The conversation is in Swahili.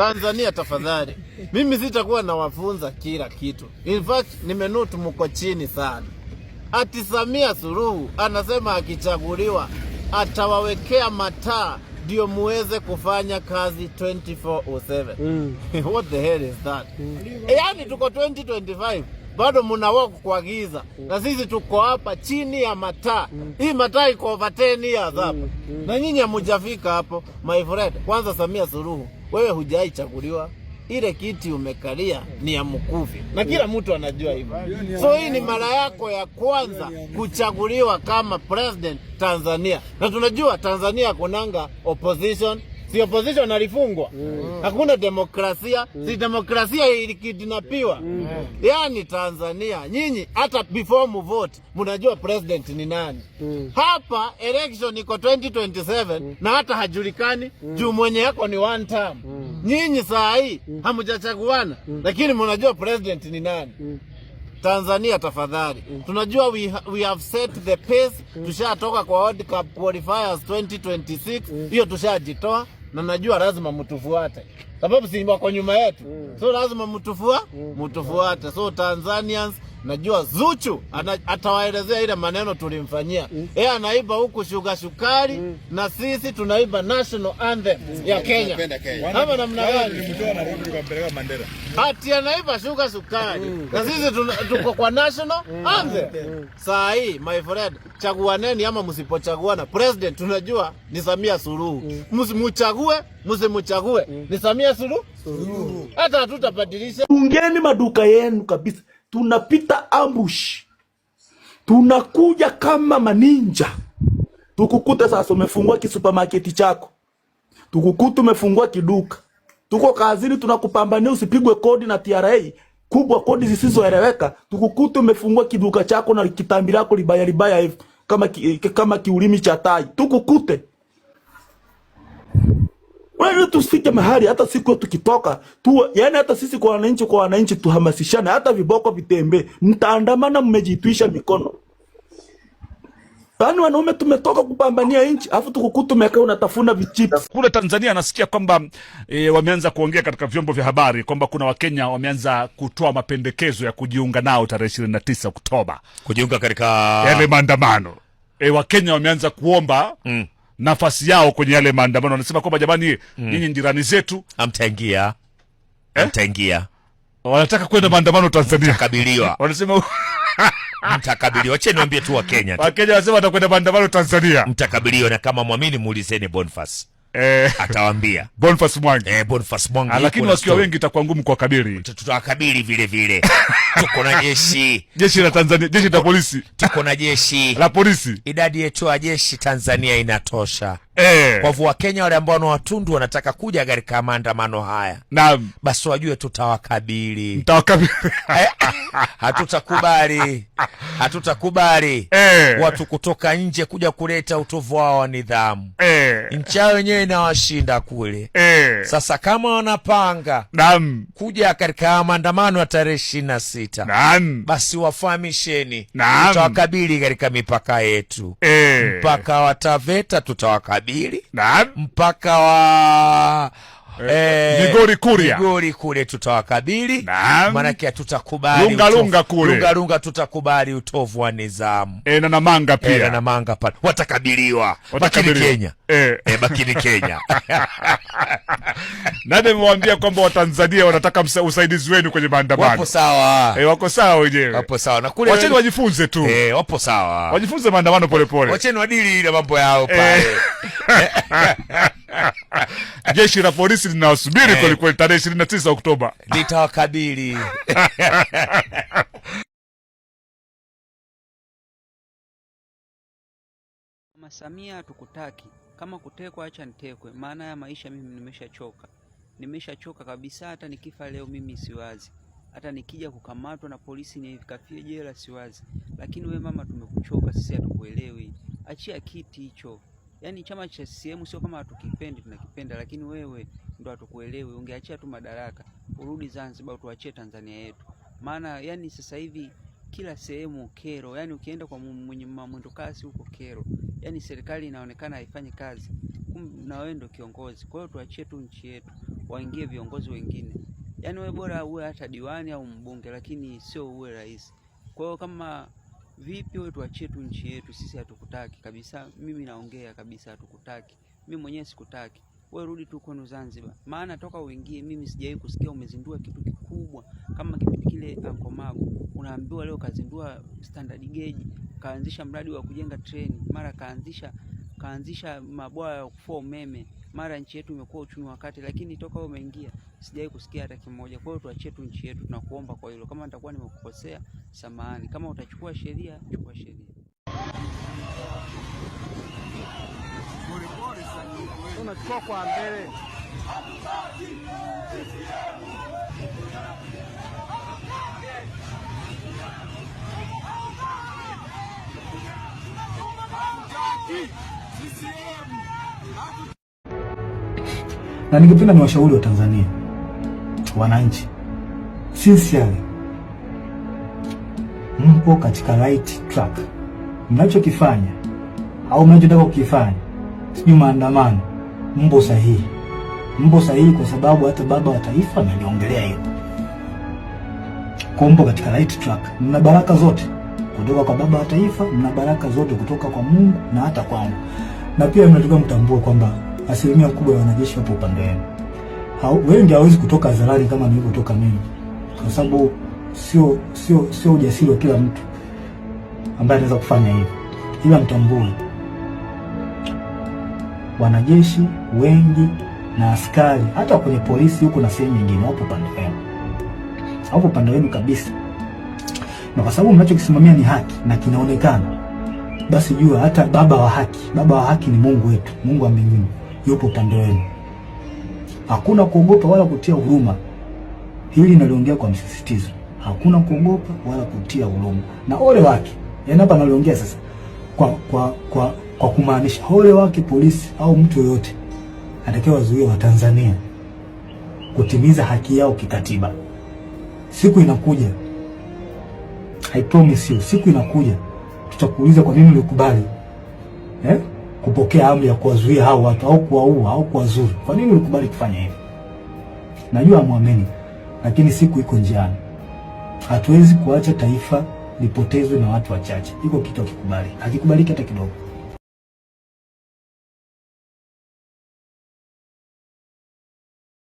Tanzania tafadhali, mimi sitakuwa nawafunza kila kitu. In fact, nimenutu mko chini sana. Ati Samia Suluhu anasema akichaguliwa atawawekea mataa ndio muweze kufanya kazi 24/7. Mm. What the hell is that? Mm. E, eh, yani tuko 2025 bado mnawaka kwa giza mm. na sisi tuko hapa chini ya mataa mm. hii mataa iko over 10 years mm. hapa mm. mm. na nyinyi hamujafika hapo my friend. Kwanza Samia Suluhu wewe hujai ile kiti umekalia ni ya Mkuvi na kila mtu anajua hivyo. So hii ni mara yako ya kwanza kuchaguliwa kama president Tanzania, na tunajua Tanzania kunanga opposition si opposition alifungwa mm. mm. hakuna demokrasia mm. si demokrasia ilikidnapiwa mm. Mm. mm. Yaani Tanzania nyinyi hata before muvote mnajua president ni nani mm. Hapa election iko 2027 mm. na hata hajulikani mm. juu mwenye yako ni one term mm. Nyinyi saa hii mm. hamjachaguana mm. lakini mnajua president ni nani mm. Tanzania tafadhali, mm. tunajua we, ha we have set the pace mm. tushatoka kwa World Cup qualifiers 2026 hiyo mm. tushajitoa na najua lazima mtufuate, sababu si kwa nyuma yetu, mm. so lazima mtufua mm. mtufuate, so Tanzanians najua Zuchu ana, atawaelezea ile maneno tulimfanyia mm. Yeye anaiba huku shuga shukari mm. na sisi tunaiba national anthem mm. ya Kenya kama namna gani? Yaani Ati anaiba shuga shukari mm. na sisi tuko kwa national mm. anthem mm. mm. Saa hii my friend, chaguaneni ama msipochaguana, president tunajua ni Samia Suluhu mm. msimuchague msimuchague mm. ni Samia Suluhu, hata hatutabadilisha. Fungeni maduka yenu kabisa tunapita ambush, tunakuja kama maninja, tukukute sasa umefungua kisupamaketi chako, tukukute umefungua kiduka, tuko kazini, tunakupambania usipigwe kodi na TRA kubwa, kodi zisizoeleweka, tukukute umefungua kiduka chako na kitambi lako libaya libaya hivi kama, kama kiulimi cha tai, tukukute wewe tusifike mahali hata siku tukitoka tu, yani hata sisi kwa wananchi kwa wananchi tuhamasishane, hata viboko vitembee, mtaandamana, mmejitwisha mikono. Yaani wanaume tumetoka kupambania nchi, afu tukukuta tumekaa unatafuna vichips. Kule Tanzania nasikia kwamba e, wameanza kuongea katika vyombo vya habari kwamba kuna Wakenya wameanza kutoa mapendekezo ya kujiunga nao tarehe 29 Oktoba. Kujiunga katika yale maandamano. E, Wakenya wameanza kuomba mm nafasi yao kwenye yale maandamano. Wanasema kwamba jamani, mm. nyinyi jirani zetu amtaingia eh? Hamtaingia. Wanataka kwenda maandamano Tanzania, kabiliwa wanasema mtakabiliwa. Acha niwaambie tu Wakenya, Wakenya wanasema watakwenda maandamano Tanzania, mtakabiliwa. Na kama mwamini, muulizeni Boniface. Eh, atawambia Boniface Mwangi eh, Boniface Mwangi, ah, lakini wengi itakuwa ngumu kwa kabili, tutawakabili vile vile. Tuko na jeshi jeshi la Tanzania, jeshi la polisi, tuko na jeshi la polisi. Idadi yetu ya jeshi Tanzania inatosha. Eh. Kwa hivyo Wakenya wale ambao wanawatundu wanataka kuja katika maandamano haya, naam, basi wajue tutawakabili, eh, hatutakubali, hatutakubali eh, watu kutoka nje kuja kuleta utovu wao wa nidhamu eh, nchi wenyewe inawashinda kule eh. Sasa kama wanapanga naam, kuja katika maandamano ya tarehe ishirini na sita naam, basi wafahamisheni, tutawakabili katika mipaka yetu eh, mpaka wataveta tutawakabili Babeli mpaka wa Eh, eh, Migori Kuria, Migori kule tutawakabili, maanake hatutakubali Lunga Lunga kule Lunga Lunga tutakubali utovu wa eh, na Namanga pia eh, na Namanga pale watakabiliwa, Bakini Kenya bakini Kenya nani kwamba Watanzania wanataka usaidizi wenu kwenye maandamano? Wapo sawa eh, wako sawa wenyewe, wapo sawa na kule, wacheni wajifunze tu wapo sawa, wajifunze maandamano polepole, wacheni wadili mambo yao pale Jeshi la polisi linawasubiri hey, eh. kwelikweli tarehe ishirini na tisa Oktoba litawakabili Mama Samia, kama kutekwa, acha nitekwe. Maana ya maisha mimi nimeshachoka, nimeshachoka kabisa. Hata nikifa leo mimi siwazi, hata nikija kukamatwa na polisi nivikafie jela siwazi. Lakini we mama, tumekuchoka sisi, hatukuelewi. Achia kiti hicho yani chama cha CCM sio kama hatukipendi, tunakipenda, lakini wewe ndo hatukuelewi. Ungeachia tu madaraka urudi Zanzibar, tuachie Tanzania yetu. Maana yani sasa hivi kila sehemu kero, yani ukienda kwa mwenye mwendo kasi huko kero, yani serikali inaonekana haifanyi kazi, kumbe na wewe ndo kiongozi. Kwa hiyo tuachie tu nchi yetu, waingie viongozi wengine. Yani wewe bora uwe hata diwani au mbunge, lakini sio uwe rais. Kwa hiyo kama Vipi wewe, tuachie tu nchi yetu, sisi hatukutaki kabisa. Mimi naongea kabisa, hatukutaki. Mimi mwenyewe sikutaki, wewe rudi tu kwenu Zanzibar, maana toka uingie, mimi sijawahi kusikia umezindua kitu kikubwa kama kipindi kile Ankomago. Unaambiwa leo kazindua standard gauge, kaanzisha mradi wa kujenga treni, mara kaanzisha kaanzisha mabwawa ya kufua umeme, mara nchi yetu imekuwa uchumi wa kati, lakini toka umeingia Sijai kusikia hata kimoja. Kwa hiyo tuachie tu nchi yetu, tunakuomba kwa hilo. Kama nitakuwa nimekukosea, samahani. Kama utachukua sheria, chukua sheria. Unachukua kwa mbele. Na ningependa niwashauri wa Tanzania wananchi, sincerely mpo katika right track. Mnachokifanya au mnachotaka kukifanya, sijui maandamano, mpo sahihi, mpo sahihi, kwa sababu hata baba wa taifa ameliongelea hilo. Kumpo katika right track, mna baraka zote kutoka kwa baba wa taifa, mna baraka zote kutoka kwa Mungu na hata kwangu, na pia mnatakiwa mtambue kwamba asilimia kubwa ya wanajeshi wapo upande wenu wewe ndio hawezi kutoka hadharani kama nilivyotoka mimi, kwa sababu sio sio sio ujasiri wa kila mtu ambaye anaweza kufanya hivyo, ila mtambue wanajeshi wengi na askari hata kwenye polisi huko na sehemu nyingine wapo pande yenu, hapo pande yenu kabisa. Na kwa sababu mnachokisimamia ni haki na kinaonekana, basi jua hata baba wa haki, baba wa haki ni Mungu wetu, Mungu wa mbinguni yupo pande yenu. Hakuna kuogopa wala kutia huruma. Hili naliongea kwa msisitizo, hakuna kuogopa wala kutia huruma. Na ole wake, yaani hapa naliongea sasa kwa kwa kwa, kwa kumaanisha ole wake polisi au mtu yoyote anatakiwa wazuie Watanzania kutimiza haki yao kikatiba. Siku inakuja, I promise you, siku inakuja tutakuuliza kwa nini ulikubali eh? kupokea amri ya kuwazuia hao watu au kuwaua au kuwazuru. Kwa nini ulikubali kufanya hivyo? Najua hamwamini, lakini siku iko njiani. Hatuwezi kuacha taifa lipotezwe na watu wachache. Iko kitu akikubali hakikubaliki hata kidogo.